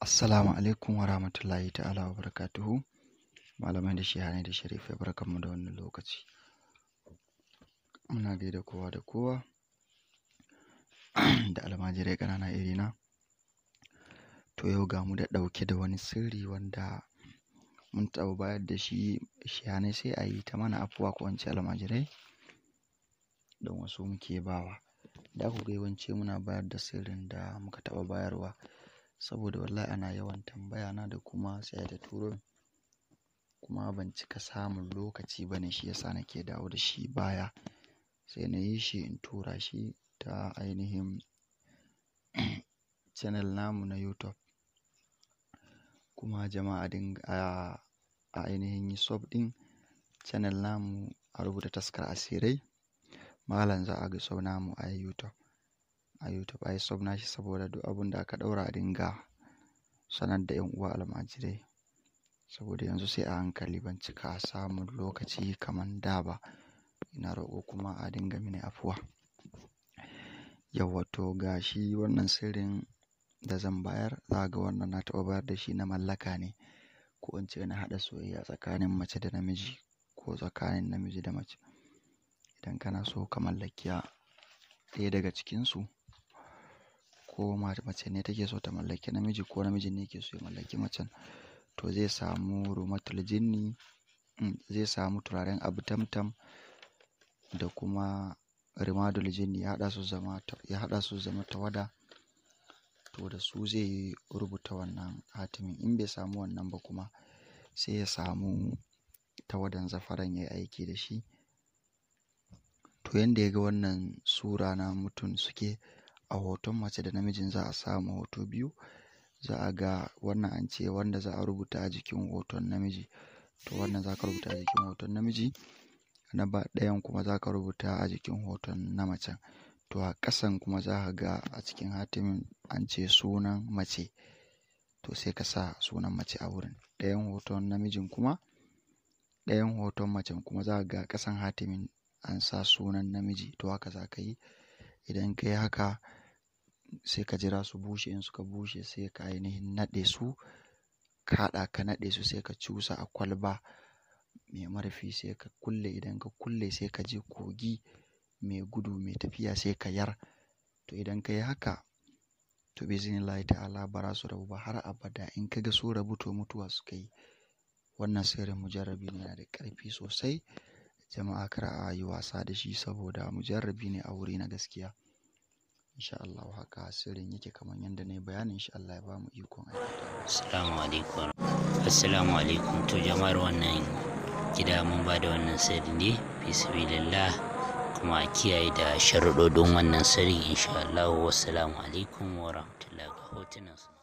Assalamu alaikum wa rahmatullahi ta'ala wa barakatuhu. Malamai da shehane da sharifai barkanmu da wannan lokaci. Muna gaida kowa da kowa da almajirai ƙanana irina. To yau ga mu da ɗauke da wani sirri wanda mun taɓa bayar da shi shehane sai a yi ta mana afuwa ko wance almajirai don wasu muke bawa. Da ku ga yawanci muna bayar da sirrin da muka taɓa bayarwa. saboda wallahi ana yawan tambaya na da kuma saya da turo kuma ban cika samun lokaci ba ne shi yasa nake dawo da shi baya sai na yi shi in tura shi ta ainihin channel namu na YouTube kuma jama'a din a ainihin sub ɗin channel namu a rubuta taskar asirai malam za a ga sau namu a YouTube a YouTube ayi sub nashi saboda duk abun da aka ɗaura a dinga sanar da 'yan uwa almajirai. Saboda yanzu sai a hankali ban cika samun lokaci kaman da ba. Ina roƙo kuma a dinga mini afuwa. Yauwa to ga shi wannan sirrin da zan bayar, za ga wannan na taɓa bayar da shi na mallaka ne. Ko in ce na haɗa soyayya tsakanin mace da namiji ko tsakanin namiji da mace. Idan kana so ka mallaki ɗaya daga cikinsu. ko mace ne take so ta mallaki namiji ko namiji ne yake so ya mallaki macen to zai samu rumatul jinni mm, zai samu turaren abu tamtam da kuma rimadul jinni ya haɗa su zama ya haɗa tawada to da su zai rubuta wannan hatimin in bai samu wannan ba kuma sai ya samu tawadan zafaran ya yi aiki da shi to yanda ya ga wannan sura na mutum suke a hoton mace da namijin za a samu hoto biyu za a ga wannan an ce wanda za a rubuta a jikin hoton namiji to wannan za ka rubuta a jikin hoton namiji na ba ɗayan kuma za ka rubuta a jikin hoton na macen to a ƙasan kuma za ka ga a cikin hatimin an ce sunan mace to sai ka sa sunan mace a wurin ɗayan hoton namijin kuma ɗayan hoton macen kuma za ga ƙasan hatimin an sa sunan namiji to haka za ka yi idan ka yi haka sai ka jira su bushe in suka bushe sai ka ainihin naɗe su ka ka naɗe su sai ka cusa a kwalba mai marfi sai ka kulle idan ka kulle sai ka je kogi mai gudu mai tafiya sai ka yar to idan ka yi haka to biznillahi ta'ala ba za su rabu ba har abada in ka ga su rabu to mutuwa suka yi wannan sirrin mujarrabi ne yana da ƙarfi sosai jama'a kar a yi wasa da shi saboda mujarrabi ne a wuri na gaskiya insha Allah haka sirrin yake kaman yadda na yi bayanin insha Allah ya ba mu ikon aikata. Assalamu alaikum. Assalamu alaikum to jama'ar wannan gida mun ba da wannan sirri ne bismillah kuma a kiyaye da sharuɗoɗin wannan sirri insha Allah wassalamu alaikum wa rahmatullahi wa barakatuh